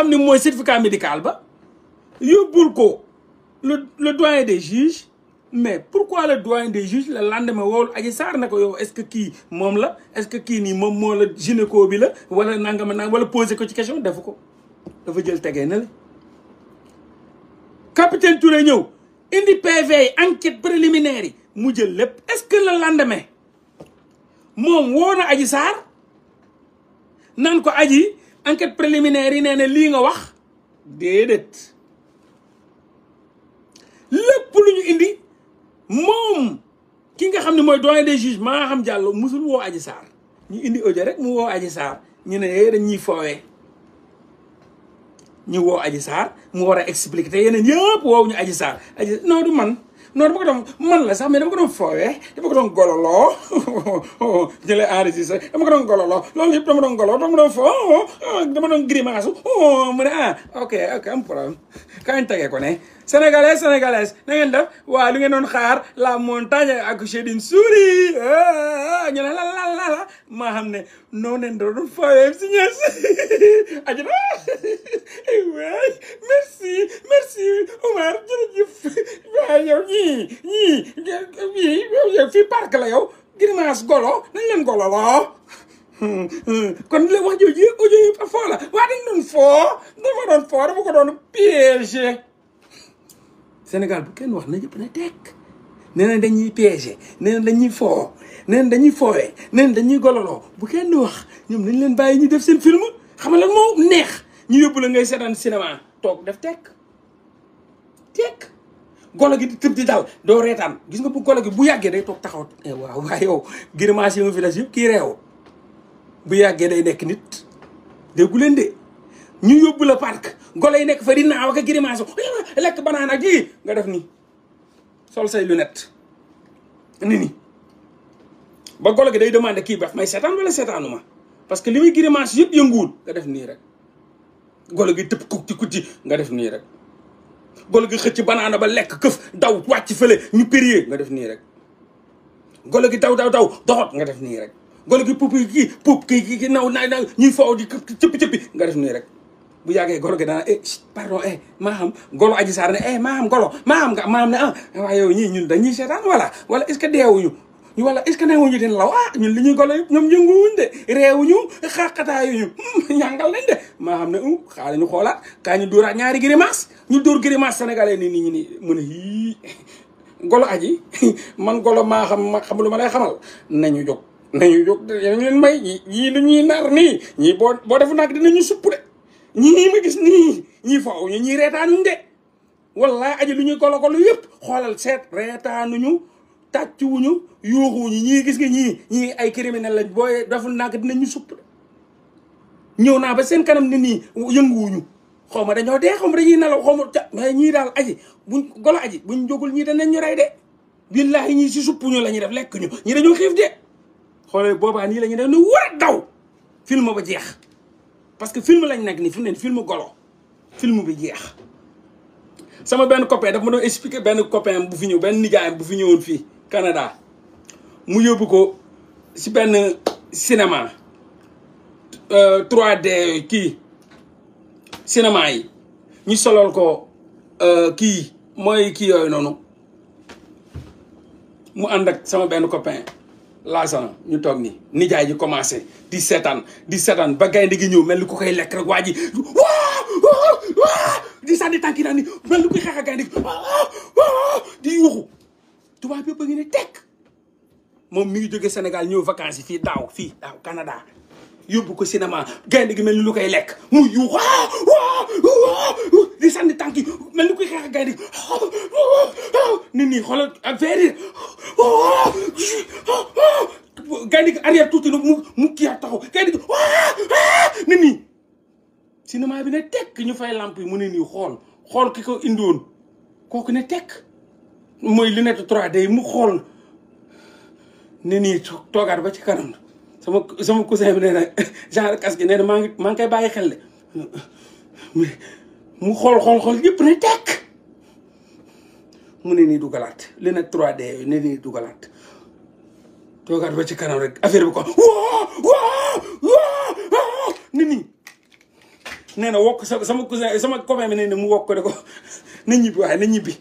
xam ne mooy certificat médical ba yóbbul ko le le doyen des juges mais pourquoi le doyen des juges la lendemain woolu Adji saar ne ko yow est-ce que kii moom la est-ce que kii nii moom moo la gynéco bi la wala nangama nang wala posé ko ci question defu ko dafa jël tegee na la capitaine Touré ñëw indi PV yi enquête préliminaire yi mu jël lépp est-ce que le lendemain moom woo na Adji Sarr nan ko aji enquête préliminaire yi nee na lii nga wax déedéet lépp lu ñu indi moom ki nga xam ne mooy doyen des juges maa xam jàll musul woo aji Sarr ñu indi audio rek mu woo Adji Sarr ñu ne eh, dañ ñuy foowee ñu woo Adji Sarr mu war a expliquer te yeneen yëpp woowu ñu Adji Sarr Adji man non dama ko doon man la sax mais dama ko doon foowee dama ko doon gololoo ñu lay enregistré dama ko doon gololoo loolu yëpp dama doon gololoo dama doon foo oh, oh, dama doon grimace oh, mu ne ah ok ok am problème kañ tegee sénégalais sénégalais na ngeen def waa lu ngeen doon xaar la montagne a accouché d'une souris ah, ñu ne la la la la maa xam ne noonu leen doon fooyee si ñes aji na eh waay merci merci Omar jërëjëf waay yow ñii la yow grimace golo nañ leen golo loo kon li wax jooju audio yi foo la waa dañ doon foo dama doon foo dama ko doon piégé Sénégal bu kenn wax nañ ñëpp ne tekk nee dañuy piégé nee na dañuy foo nee dañuy foowee nee dañuy gololoo bu kenn wax ñoom nañ leen bàyyi ñu def seen film xam la moo neex ñu yóbbu la ngay seetaan cinéma toog def tek tekk golo gi di tëb di dal doo reetaan gis nga bu golo gi bu yàggee day toog taxaw eh, waaw waaye yow grimace yi ma fi des yëpp kii reew bu yàggee day nekk nit déggu leen de ñu yóbbu la parc golo yi nekk fa rin naaw ak grimace lekk banaana ak nga def nii sol say lunette ni ba golo gi day demandé kii baax may seetaan wala seetaanu parce que li muy grimace yëpp yënguwul def nii rek golo gi tëb kucci kucci nga def nii rek golo gi xëcc banaana ba lekk këf daw wàcc fële ñu périer nga def nii rek golo gi daw daw daw doxot nga def nii rek golo gi puup kii puup kii kii naw naay naw ñuy foow di cëppi cëppi nga def nii rek bu yàggee golo gi dana eh pardon xam eh, golo aji saar ne eh maa xam golo maa xam nga maa xam ne ah waaye ñii ñun dañuy seetaan wala wala est ce que deewuñu ñu ah, ñun li ñuy golo yëpp ñoom yënguwuñ de réewuñu xaqataayuñu hmm, ñàngal lañ de maa xam ne u um, xaala ñu xoolaat kaa ñu dóoraat ñaari grimace ñu dóor grimace sénégalais ni nit ñi ni mën a yii golo aji man golo maa xam ma xam lu ma lay xamal nañu jóg nañu jóg nañu leen may yii lu ñuy nar nii ñii boo boo defu nag ñu supp de ñii ma gis nii ñii faaw ñu ñii reetaanuñ de wallaahi aji lu ñuy kolokolu yëpp xoolal seet reetaanuñu tàccuwuñu yuuxuwuñu ñii gis nga ñii ñii ay criminel lañ booy deful nak dinañu supp ñëw naa ba seen kanam ne nii yënguwuñu xaw ma dañoo dee xaw ma dañuy nelaw xaw ma mais ñii daal aji buñ golo aji buñ jógul ñii danañ ñu rey de billaahi ñii si supp ñu la ñuy def lekk ñu ñii dañoo xiif de xoolee boobaa nii la ñuy def ne war a daw film ba jeex parce que film lañ nekk ni fi ne film golo film bi jeex sama benn copain daf ma doon expliquer benn copain bu fi ñëw benn nijaayam bu fi ñëwoon fii Canada mu yóbbu ko si benn cinéma 3D euh, kii cinéma yi ñu solol ko euh, kii mooy kii yooyu noonu mu ànd ak sama benn copain la laasana ñu toog ni nijaay ji commencé di seetaan di seetaan ba gaynde gi ñëw mel ni ku koy lekk rek waa ji di sànni tànk yi daan ni mel ni kuy xeex a gaynde gi di yuuxu tubaab yëpp a ngi ne tekk moom mi ngi jóge Sénégal ñëw vacances yi fii daaw fii daaw Canada yóbbu ko cinéma gaynde gi mel ni lu koy lekk mu yu waa waa di sànni tànk yi mel ni koy xeex ak gaynde gi nit ak verre gaynde gi arrière tuuti na mu mu kii taxaw gaynde bi ne tekk ñu fay lamp yi mu ne nii xool xool ki ko indiwoon kooku ne tek mooy lunette 3D mu xool ne nii ba ci kanam sama sama cousin bi nee na genre casque nee na maa ngi maa ngi koy bàyyi xel de mu xool xool xool yëpp ne tekk mu ne nii dugalaat li nag 3D yooyu ne nii dugalaat toogaat ba ci kanam rek affaire bi ko waa waa waa nit ñi nee na wokk sama cousin sama copain bi nee na mu wokk ko ne ko na ñibbi waaye na ñibbi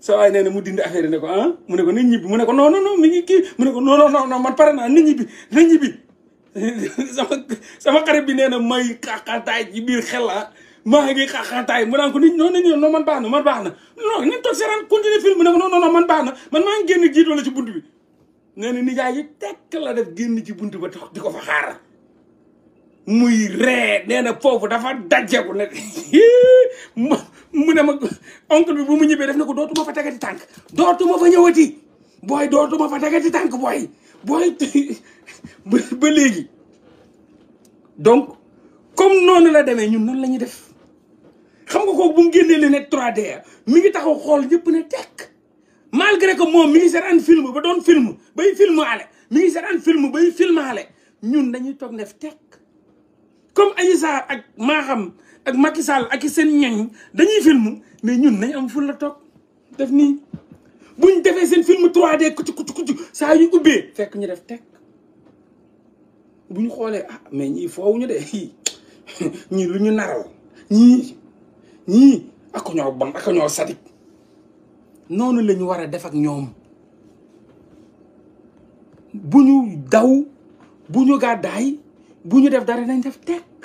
so waay nee na mu dindi affaire ne ko ah mu ne ko nit ñibbi mu ne ko non non non mi ngi kii mu ne ko non non non man pare naa nit ñibbi nit ñibbi sama sama xarit bi nee na may xaaxaataay ci biir xel la ah. maa ngi xaaxaataay mu naan ko nit non nit ñi non man baax na man baax na non nit toog ne ko non non man baax na man maa ngi génn jiitu la ci bunt bi nee na nijaay yi tekk la def génn ci bunt ba di ko fa xaaral muy ree nee na foofu dafa bu ne mu ne mag oncle bi bu mu ñibbee def na ko dootuma fa tegati tànk dootuma fa ñëwati booy dootuma fa tegati tànk booy booy ba léegi donc comme noonu la demee ñun noonu la ñuy def xam nga kooku bu mu génnee leen ne 3D mi ngi taxaw xool ñëpp ne tekk malgré que moom mi ngi seetaan film ba doon film bay filmaale mi ngi seetaan film bay filmaale ñun dañuy toog def tekk comme Adji Sarr ak Maham ak Macky Sall ak seen ñañ dañuy film mais ñun nañ am ful la toog def nii buñ defee seen film 3D kucu kucu kucu saa yu ubbee fekk ñu def teg bu ñu xoolee ah mais ñii foofu ñu de ñii lu ñu naral ñii ñii ak ñoo bon ak ñoo sadik noonu lañu war a def ak ñoom bu ñu daw bu ñu gàddaay bu ñu def dara nañ def tekk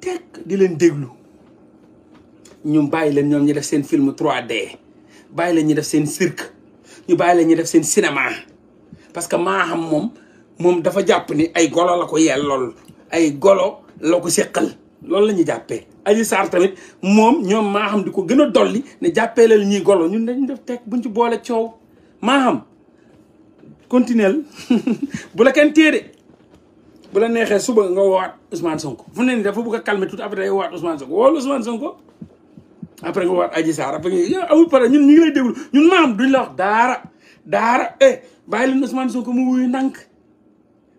tekk di leen déglu ñu bàyyi leen ñoom ñu def seen film 3D bàyyi leen ñu def seen cirque ñu bàyyi leen ñu def seen cinéma parce que maa xam moom moom dafa jàpp ni ay golo la ko yel lool ay golo la seqal loolu la ñu jàppee Adji Sarr tamit moom ñoom maa xam di ko gën a dolli ne jàppee leen ñuy golo ñun dañu def bu buñ ci boole coow maa xam continuel bu la kenn téye bu la neexee suba nga woowaat Ousmane Sonko fu ne nii dafa bëgg a calmer tout après day woowaat Ousmane Sonko woolu Ousmane Sonko après nga woowaat Adji ñun ñu ngi lay déglu ñun maam duñ la wax daara daara eh bàyyi leen Ousmane Sonko mu wuyu ndànk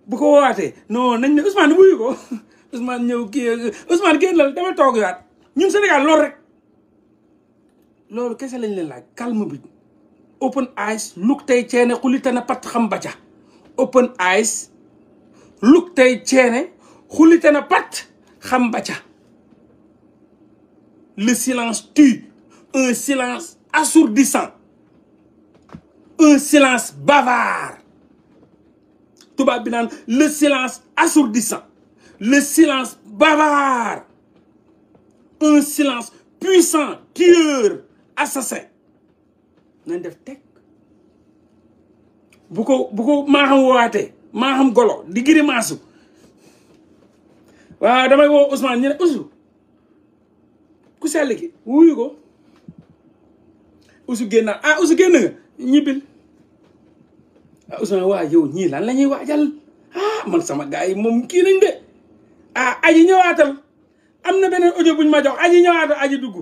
bu ko woowaatee non nañ ne Ousmane wuyu ko Ousmane ñëw kii Ousmane génn la dama toog yaat ñun Sénégal loolu rek loolu kese lañ leen laaj calme bi open eyes look tey ceene xuli tana pat xam ba open eyes lug tey ceene xulite na pat xam ba ca le silence tue un silence assourdissant un silence bavard tubaab bi naan le silence assourdissant le silence bavard un silence puissant tueur assassin nañ def teg bu ko bu ko maaxam maa xam golo di girimaasu waaw damay woo Ousmane ñu ne Ousou ku sell ki wuyu ko Ousou génn ah Ousou génn nga ñibbil ah Ousmane waa yow ñii lan la ñuy waajal ah man sama gars yi moom kii nañ de ah aji am na beneen audio buñ ma jox aji ñëwaatal aji dugg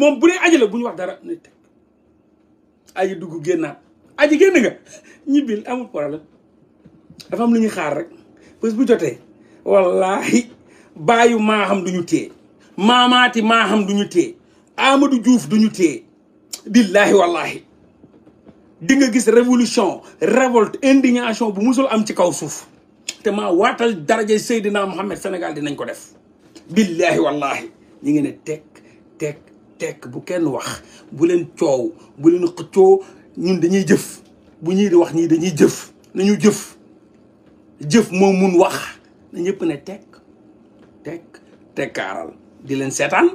moom bu dee aji la buñ wax dara ne dugu aji dugg génnaat aji génn nga ñibbil amul problème dafa am lu ñuy xaar rek bés bu jotee wallaahi baayu maaxam du ñu téye maamaati maaxam du ñu téye Amadou Diouf du ñu téye billaahi wallaahi di nga gis révolution révolte indignation bu musul am ci kaw suuf te maa waatal daraja Seydina Mohamed Sénégal dinañ ko def billaahi wallaahi ñu ngi ne tekk tekk bu kenn wax bu leen coow bu leen xëccoo ñun dañuy jëf bu ñii di wax ñii dañuy jëf nañu jëf jëf moo mun wax na ñëpp ne tek tekk tekk tekkaaral di leen seetaan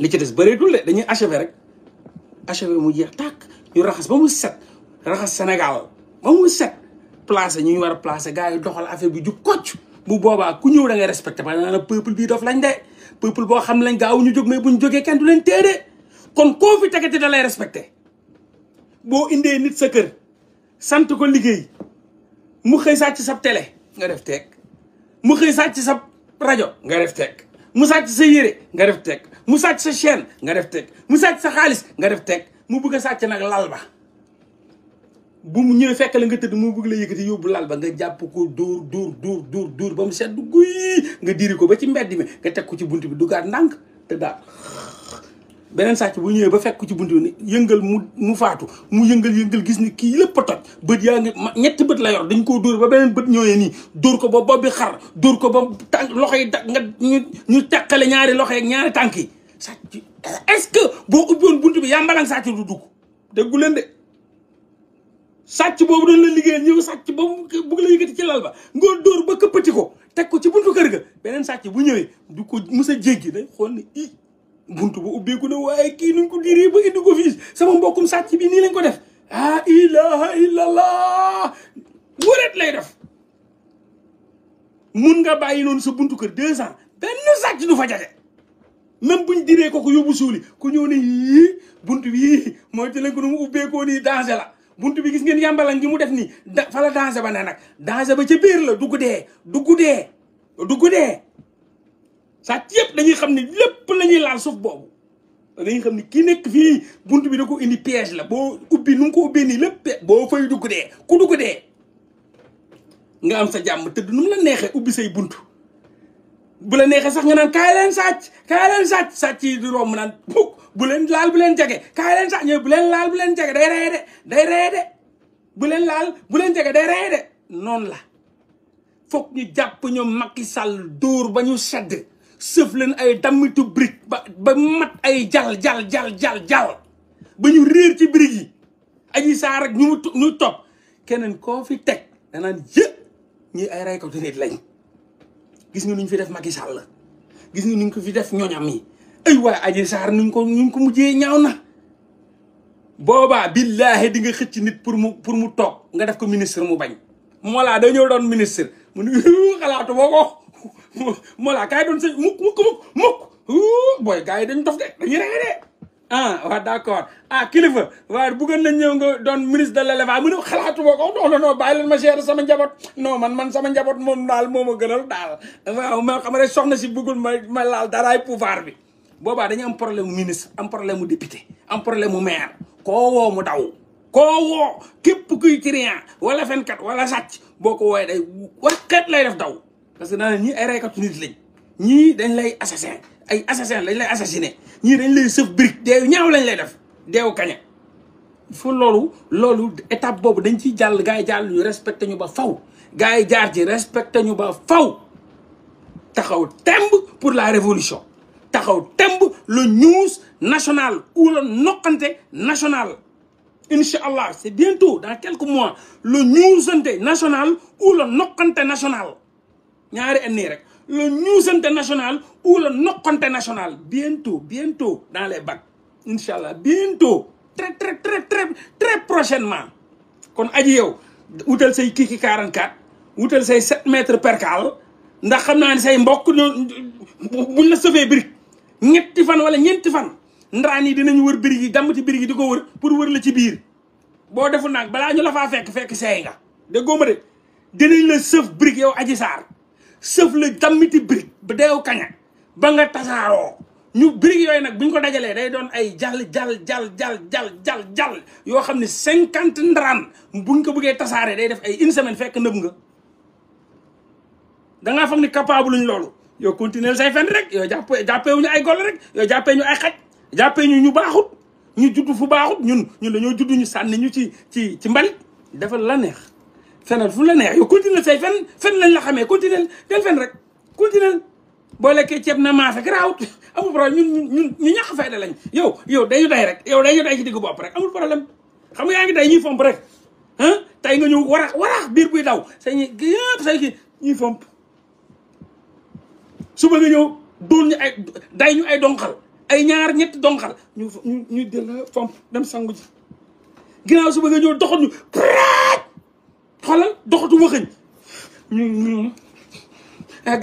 li ci des bëreetul de dañuy achever rek achever mu jeex tàkk ñu raxas ba mu set raxas Sénégal ba mu set placé ñu ñu war a placé gars yi doxal affaire bi jub kocc bu boobaa ku ñëw da ngay respecté ba naan peuple bii dof lañ de peuple boo xam lañ gaaw ñu jóg mais buñ jógee kenn du leen téere kon koo fi tegati da lay respecté boo indee nit sa kër sant ko liggéey mu xëy sàcc sab tele nga def teg mu xëy sàcc sab rajo nga def teg mu sàcc sa yére nga def teg mu sàcc sa chaîne nga def teg mu sàcc sa xaalis nga def teg mu bëgg a sàcc nag lal ba bu mu ñëwee fekk la nga tëdd mu bëgg la yëkkati yóbbu lal ba nga jàpp ko dóor dóor dóor dóor dóor ba mu sedd guy nga diiri ko ba ci mbedd mi nga teg ko ci bunt bi dugaat ndànk te daal beneen sàcc bu ñëwee ba fekk ci buntu ni yëngal mu mu faatu mu yëngal yëngal gis ni kii lépp a toj bët yaa ngi ñetti bët la yor dañ koo dóor ba beneen bët ñëwee nii dóor ko ba bopp bi xar dóor ko ba loxo yi da nga ñu ñu ñaari loxo yi ñaari tànk yi sàcc est-ce que boo ubbiwoon buntu bi yàmbalang sàcc du dugg déggu leen de sàcc boobu doon la liggéeyal ñëw sàcc boobu bëgg la yëkkati ci lal ba ngoo dóor ba këppati ko teg ko ci buntu kër ga beneen sàcc bu ñëwee du ko mus a jéggi day xool ni buntu ba ubbeeku na waaye kii nuñ ko diree ba indi ko fii sama mbokkum sàcc bi nii lañ ko def ah ilaha illallah wóoreet lay def mun nga bàyyi noonu sa buntu kër deux ans benn sàcc du fa jage même buñ diree ko ko yóbbu suuli ku ñëw ne yii buntu bi moo mooy te lañ ko nu mu ubbeekoo nii danger la buntu bi gis ngeen yàmbalan gi mu def nii da fa la ba ne nag danger ba ca biir la dugg dee dugg dee dugg dee sàcc yëpp dañuy xam ne lépp la ñuy laal suuf boobu dañuy xam ne kii nekk fii bunt bi da ko indi piège la boo ubbi nu ko ubbi nii lépp boo fay dugg dee ku dugg dee nga am sa jàmm tëdd nu la neexee ubbi say bunt bu la neexee sax nga naan kaay leen sàcc kaay leen sàcc sàcc yi di naan mukk bu leen laal bu leen jege kaay leen sàcc ñooy bu leen laal bu leen jege day reye de day reye de bu leen laal bu leen jege day reye de noonu la foog ñu jàpp ñoom Macky Sall dóor ba ñu sedd sëf leen ay dammitu brique ba ba mat ay jal jal jal jal jal ba ñu réer ci brique yi aji saar ak ñu mu ñu topp keneen koo fi teg danaan yë ñi ay raykatu nit lañ gis nga nuñ fi def Macky Sall la gis nga nuñ ko fi def ñoñam yi ay waay aji saar nuñ ko nuñ ko mujjee ñaaw na boobaa billaahi di nga xëcc nit pour mu pour mu toog nga def ko ministre mu bañ moo laa ñëw doon ministre mu ne xalaatu boo Mollah gars yi doon sëñ mukk mukk mukk mukk booy gars yi dañ dof de dañuy rey de ah waaw d'accord ah kilifa waaye bëggoon nañ ñëw nga doon ministre de l'élevage mu ne xalaatu boo ko non non bàyyi leen ma gérer sama njaboot noo man man sama njaboot moom daal moo ma gënal daal waaw ma xam rek soxna si bëggul ma ma laal daraay pouvoir bi boobaa dañu am problème mu ministre am problème mu député am problème mu maire koo woo mu daw koo woo képp kuy client wala fenkat wala sàcc boo ko wooye day waxkat lay def daw parce que daanaka ñii ay raykatu nit lañ ñii dañ lay assassin ay assassin dañ lay assassiné ñii dañ lay sëf brique deewu ñaaw lañ lay def deewu kaña fu loolu loolu étape boobu dañ ciy jàll gars yi jàll ñu respecté ñu ba faw gars yi jaar ci respecté ñu ba faw taxaw temb pour la révolution taxaw temb le news national ou le noqante national incha allah c'est bientôt dans quelques mois le newsante national ou le noqante national ñaari ennemi rek le ñuusante national ou le noqante national bientôt bientôt dans les bacs incha allah bientôt très très très très très prochainement kon aji yow wutal say kii ki 44 wutal say 7 mètres percal ndax xam naa ne say mbokk buñ la sëfee birig ñetti fan wala ñeenti fan ndaraan yi dinañ wër birig yi damm ci birig yi di ko wër pour wër la ci biir boo deful naag balaa ñu la faa fekk fekk seey nga de góoma de dinañ la sëf birig yow aji sëf la dammiti birig ba deew kaña ba nga tasaaroo ñu birig yooyu nag bu ñu ko dajalee day doon ay jàll jal jàll jal jàll jàll jàll yoo xam ne cinquante ndaraan buñ ko buggee tasaaree day def ay une semaine fekk nëb nga dangaa foog ni lu ñu loolu yow continuer say fen rek yow jàpp jàppee ñu ay gol rek yow jàppee ñu ay xaj jàppee ñu ñu baaxut ñu judd fu baaxut ñun ñun dañoo judd ñu sànni ñu ci ci ci mbalit dafa la neex fenal fu la neex yow continuer say fen fen lañ la xamee continuer del fen rek continuer boo lekkee ceeb na maafe garaawut amul problème ñun ñun ñu ñàkk fayda lañ yow yow dañu day rek yow dañu day ci diggu bopp rek amul problème xam yaa ngi day ñuy fomp rek tey nga ñëw warax warax biir buy daw say ñi yëpp ah, say ki ñuy suba nga ñëw doon ñu day ñu ay donxal ay ñaar ñett donxal ñu ñu ñu dël fomp dem sangu ji ginnaaw suba nga ñëw doxal ñu praaj xoolal doxatu waxañ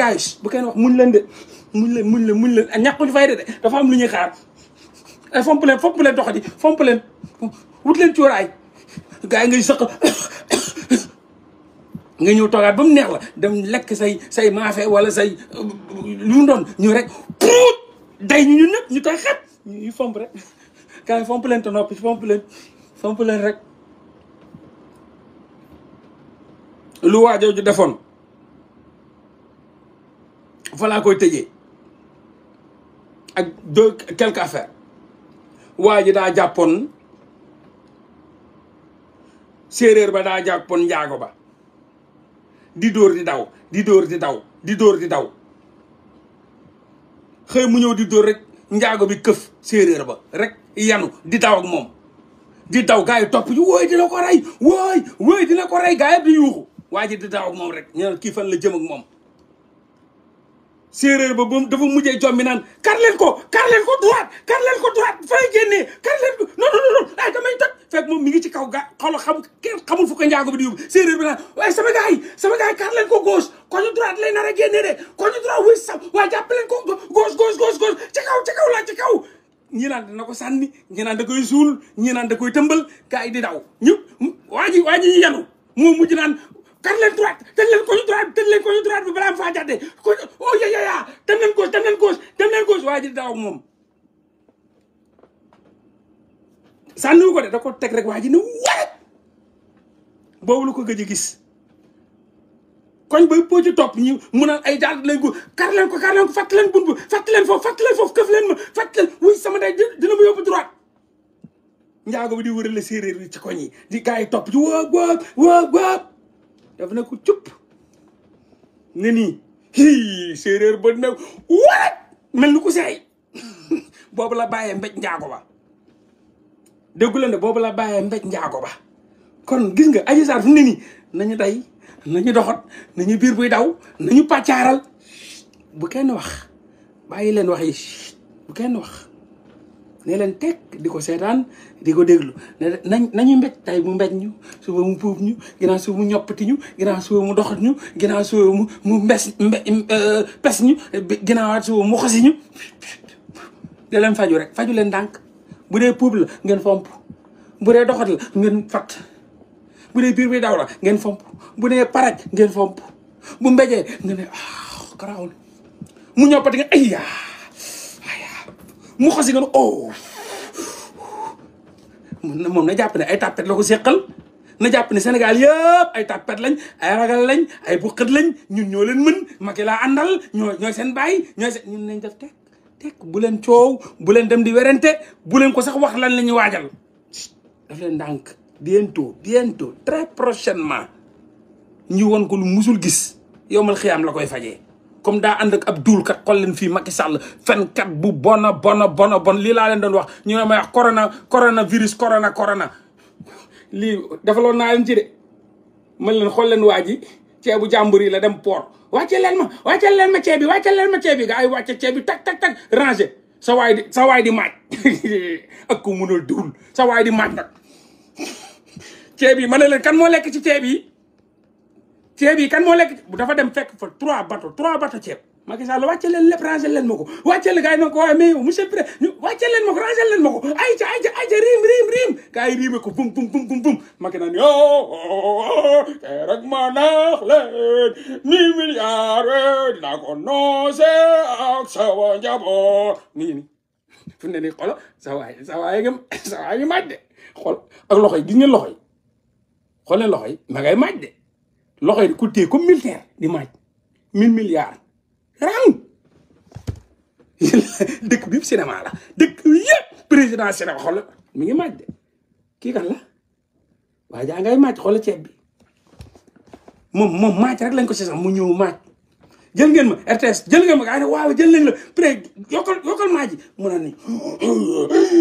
gars yi bu kenn wax muñ leen de muñ leen muñ leen muñ leen eh, ñàkkuñu fay de de dafa am lu ñuy xaar eh, fomp leen fomp leen doxati fomp leen wut leen cuuraay gars yi ngay sëq ñëw toogaat ba mu neex la dam lekk say say maafe wala say lu mu doon ñu rek puut day ñu ñun ñëpp ñu koy xat ñu fomp rek gars yi fomp leen te fomp leen fomp leen rek lu waa jooju defoon fa laa koy tëjee ak deux quelques affaires waa ji daa jàppoon séeréer ba daa jàppoon njaago ba di dóor di daw di door di daw di door di daw xëy mu ñëw di dóor rek njaago bi këf séeréer ba rek yanu di daw ak moom di daw gars yi topp ñu wooy dina ko rey wooy wooy dina ko rey gars yi yuuxu waa ji di moom rek ñu naan kii fan la jëm ak moom séeréer ba ba dafa mujjee jommi naan kar leen ko kar leen ko droite kar leen ko droite fay génnee kar leen ko non non non ay damay toj moom mi ngi ci kaw ga xawla xam kenn xamul ko njaago bi di yóbbu séeréer bi naan waaye sama gars yi sama gars yi kar leen ko gauche koñu droite lay a génnee de koñu droite wis sam waaye jàpp leen ko gauche gauche goos gauche ci kaw ci kaw la ci kaw ñi naan dana ko sànni ñi naan da koy suul ñi naan da koy tëmbal gars yi di daw ñëpp waa ji waa ji ñu yanu moo mujj naan kar leen droite tëj leen ko ñu droite tëj leen ko ñu droite bi balaa mu faa jàddee ko oh ya ya ya dem leen gauche dem leen gauche dem leen gauche waaye di daw ak moom. sànniwu ko de da ko teg rek waa ji ne warat boobu la ko gëj a gis koñ bay poo ci topp ñi mu naan ay daal lay gu kar leen ko kar leen ko fàtt leen bun bu fàtt leen foofu fàtt leen foofu këf leen ma fàtt leen wuy sama day dina ma yóbbu droite njaago bi di wërale séeréer yi ci koñ yi di gars yi topp ci wóob wóob wóob wóob daf na ko cupp ne nii hii séeréer ba ne warat mel ni ku seey boobu la bàyyee mbéj njaago ba déggu leen ne boobu la bàyyee mbéj njaago ba kon gis nga Adji Sarr fu ne nii nañu day nañu doxat nañu biir buy daw nañu pàccaaral bu kenn wax bàyyi leen wax bu kenn wax ne leen teg di ko seetaan di ko déglu ne nañ nañu mbéj tay mu mbéj ñu suba mu puub ñu ginnaaw suba mu ñoppati ñu ginnaaw suba mu doxat ñu ginnaaw suba mu mu mbes e, pes ñu ginnaawaat suba mu xosi ñu da leen faju rek faju leen ndànk bu dee puub la ngeen fomp bu dee doxat la ngeen fat bu dee biir bi daw la ngeen fomp bu dee paraj ngeen fomp bu mbéjee ngeen ne ah garaawul mu ñoppati nga mu xosi ko oh moom na jàpp ne ay tàppet la ko seqal na jàpp ne Sénégal yëpp ay tàppet lañ ay ragal lañ ay buqat lañ ñun ñoo leen mën Macky laa àndal ñoo seen bàyyi ñooy seen ñun nañ def tekk tekk bu leen coow bu leen dem di werante bu leen ko sax wax lan la ñuy waajal daf leen ndànk bientôt bientôt très prochainement ñu won ko lu musul gis yow mal xiyaam la koy fajee comme daa ànd ak ab duulkat xool leen fii Macky Sall fenkat bu bona bona bona bon lii laa leen doon wax ñu ne may wax corona coronavirus corona corona lii defaloon naa leen ci de man leen xool leen waa ji ceebu jàmbur yi la dem port wàcce leen ma wàcce leen ma ceeb bi wàcce leen ma ceeb bi gars yi wàcce ceeb bi tak tak tak rangé sa waay di sa waay di maaj ak ku munul duul sa waay di maaj nag ceeb yi ma ne leen kan moo lekk ci ceeb yi ceeb yi kan moo lekk dafa dem fekk fa trois bateaux trois bateaux ceeb Macky Sall wàcce leen lépp rangé leen ma ko wàcce la gars yi nag ko waaye mais monsieur le président wàcce leen ma ko ko ayca ayca ayca riim riim riim gars yi riime ko bum bum bum bum bum Macky naan ma naax leen mi milliard dinaa ko noose ak sawa njaboot mi ngi ni fu ni xolo sa loxo yi gis ngeen loxo yi xool leen loxo yi ma ngay loxo yi di ko téye comme di maaj mille milliards rang dëkk bi cinéma la dëkk yëpp président cinéma xool mi ngi maaj de kii kan la waa jaa ngay maaj xool ceeb bi moom moom maaj rek lañ ko si sax mu ñëw maaj jël ngeen ma RTS jël ngeen ma gaa ne waaw jël la pré yokkal yokkal mu naan ni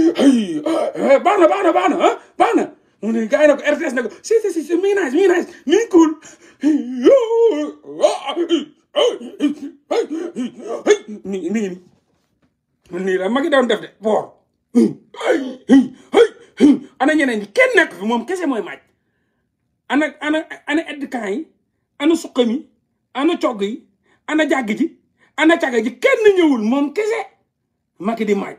baax na baax na baax ah, baax na mu ne gars yi ne ko mi ngi naaj mi ngi naaj magi doon de boor ana ñeneen ñi kenn nekk moom kese mooy maaj ana ana ana eddukaan yi ana suqam ana cogg ana jàgg ana càgg ji kenn ñëwul moom kese magi di maaj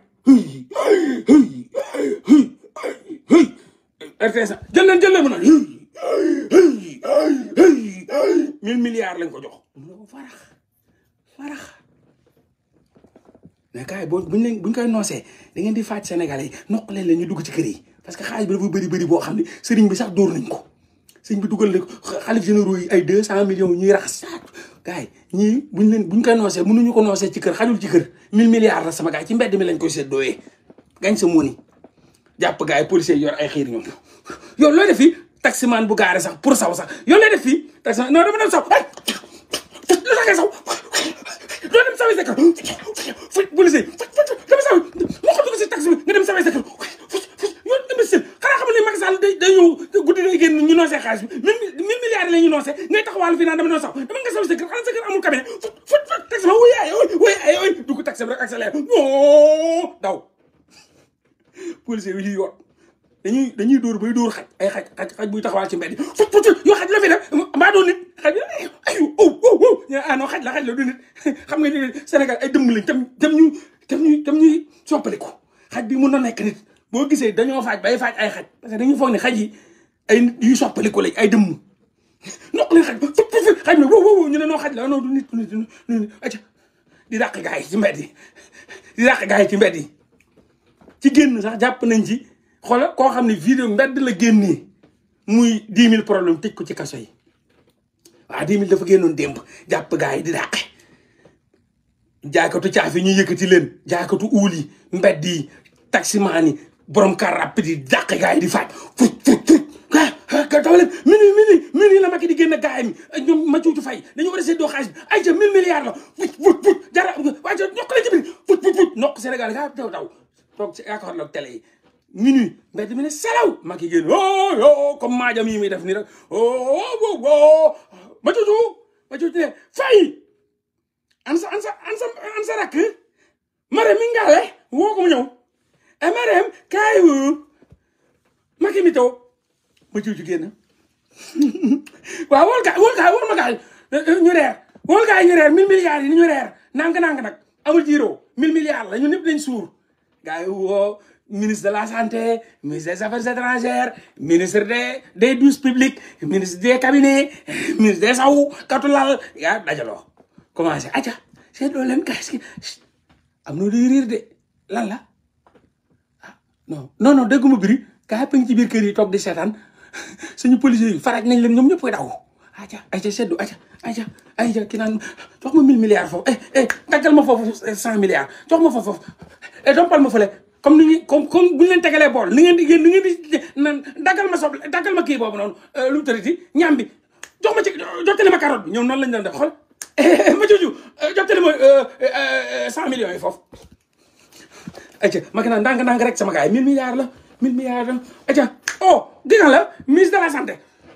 RTS jël leen jël leen mu naan mille milliards lañ ko jox mu ne ko farax farax mais kaay boo bu leen buñ koy noosee da ngeen di faaj senegal yi noq leen leen ñu dugg ci kër yi parce que xaalis bi dafa bëri bëri boo xam ne sëriñ bi sax dóor nañ ko sëriñ bi dugal ne ko xalif généraux yi ay deux cent millions ñuy raxas gars yi ñii buñ leen buñ koy noosee ñu ko noosee ci kër xajul ci kër mille milliards la sama gars ci mbedd mi lañ koy seddooyee gañ sa moon jàpp gars yi policiers yor ay xiir ñoom yow looy fi fii taximaan bu gaare sax pour saw sax yow looy def fii taximaan non dama dem saw ay lu tax nga saw doo dem sawi sa policiers yi ñuy yor dañuy dañuy dóor bay dóor xaj ay xaj xaj xaj buy taxawaa ci mbedd fu fu yoo xaj la fi def mbaa doon nit xaj ayu aw aw ah non xaj la xaj la du xam nga ni Sénégal ay dëmm lañ tam tam ñu tam ñuy tam ñuy soppaliku xaj bi mun na nekk nit boo gisee dañoo faaj bay faaj ay xaj parce que dañuy foog ne xaj ay nit yuy lañ ay dëmm noq leen xaj ba fu fu xaj ñu ne noo xaj la non du nit du di dàq gars yi ci yi di dàq gars yi ci mbedd yi ci génn sax jàpp nañ ci xoola koo xam ne vidéo mbedd la génnee muy 10 000 problème tëj ko ci kaso yi waaw 10 000 dafa génnoon démb jàpp gaa yi di dàqe jaaykatu caaf yi ñu yëkkati leen jaaykatu uul yi mbedd yi taximaan yi borom car rapide yi dàqe gaa yi di faat fuj fuj ka dafa leen mini mini mini la Macky di génn gaa yi ñoom ma cuucu fay dañu war a séddoo xaalis bi ay ca 1000 milliards la fuj fuj nokk Sénégal gaa daw daw toog ci école télé yi minuit mbedd mi ne selaw mag yi génn oh yo oh, comme maajam yi muy def nii rek oh oh oh ma oh. jotu fay ansa ansa ansa ansa rakk Marème mi ngaale woo ko mu ñëw e Marème kaay ma ki mi ma jotu génn wool kaay wool kaay wool ma kaay ñu reer wool kaay ñu reer mille milliards yi ñu reer nang nang nag amul jiiroo mille milliards la ñun suur gars yi woo ministre de la santé ministre des affaires étrangères ministre des dus douches ministre des cabinets ministre des saw katulal yaa dajaloo commencé aca seet doo leen kas am na luy riir de lan la ah non non non dégguma biri gaa yëpp a ci biir kër yi toog di seetaan suñu policiers yi faraj nañ leen ñoom ñëpp daw aca aca seddu aca aca aca ki naan jox ma mille milliards foofu eh, eh ma foofu cent milliards jox ma foofu foofu et eh, dompal ma fële comme ni ñu comme comme bu leen tegalee bool ni ngeen di yéen ni ngeen di nan daggal ma soble daggal ma kii boobu noonu eh, lu mu tëriti ñaam bi jox ma ci jottali ma carotte bi ñoom noonu lañ doon def xool eh, ma cent millions yi foofu aca ma gën a ndànk rek sama gars yi mille milliards la mille milliards la aca oh gis nga la ministre de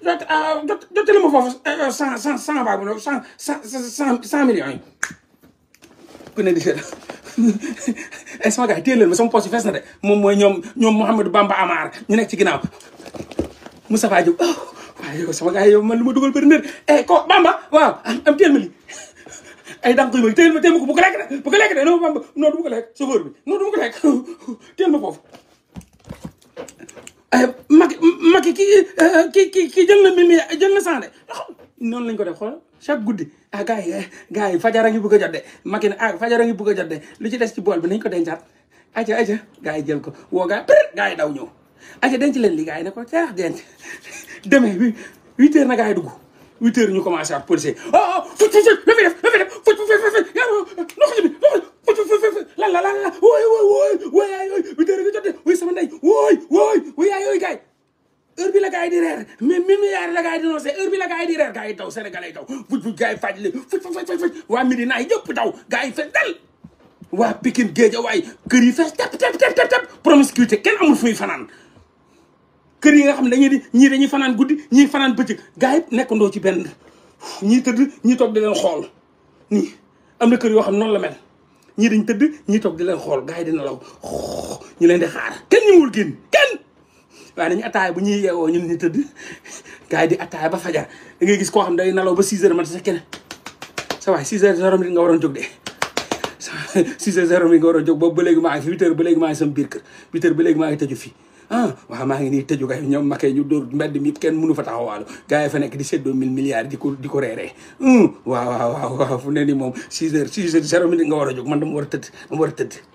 la ah, jot jottali ma foofu cent cent cent baabu cent cent cent millions yi ay eh, sama gars yi téye leen ma sama poche yi na de moom mooy ñoom ñoom Mouhamadou Bamba Amar ñu nekk ci ginnaaw Moustapha Diop oh, waaye yow sama gars yi lu ma dugal bëri na eh Bamba waaw am téel ma li ay dànk yu bëri téel ma téel ma ko bu ko lekk de bu ko lekk de non Bamba non du ma ko lekk chauffeur bi non du ma ko lekk téel ma foofu. ay eh, Macky eh, jël na mille jël na cent de. noonu lañ ko def xool chaque guddi ah gars yi eh, gars yi fajara ngi a jot de Macky ne ah fajara a jot de lu ci des ci bool bi nañ ko dencaat aca aca gars yi jël ko woo gars yi gars yi daw ñëw aca denc leen li gars yi ne ko caax denc demee huit heures na gars yi dugg huit ñu commencé a policier oh fuc oh, fuc lu fi def lu fi def fuc fuc fuc yaa ndox bi la la la la wooy wooy wooy wooy yaay yooy huit heures sama ndey wooy wooy wuy yaay yooy gars yi heure bi la gaa yi di reer mais mi milliard la gars yi di noncé heure bi la gars yi di reer gars yi daw sénégalais yi daw fuj fuj gars yi faj li yi yëpp daw gars yi fees dal waa Pikine Guédiawaye kër yi fees tep tep tep tep tep promiscuité kenn amul fuy fanaan kër yi nga xam ne dañu di ñii dañuy fanaan guddi ñii fanaan bëccëg gars yi nekkandoo ci benn ñii tëdd ñii toog di leen xool nii am na kër yoo xam noonu la mel ñii dañ tëdd ñii toog di leen xool gars yi di xaar kenn ñu wul génn kenn waaye nañu ataaya bu ñuy yeewoo ñun ñu tëdd gars yi di ataaya ba fajar da gis koo xam day nalaw ba 6 heures mat sa kenn sa waay 6 heures zéro minute jóg de 6 heures zéro minute nga waroon jóg boobu ba léegi maa ngi fi 8 heures ba léegi maa ngi maa ngi tëju fii ah waaw ngi nii tëju gars yi ñoom makee ñu mi kenn mënu fa taxawaalu gars yi fa nekk di seddoo mille milliards di ko di ko reeree hmm, waaw waaw waaw fu ne ni moom 6 heures 6 heures zéro minute nga war a jóg man dama war a tëdd dama war a tëdd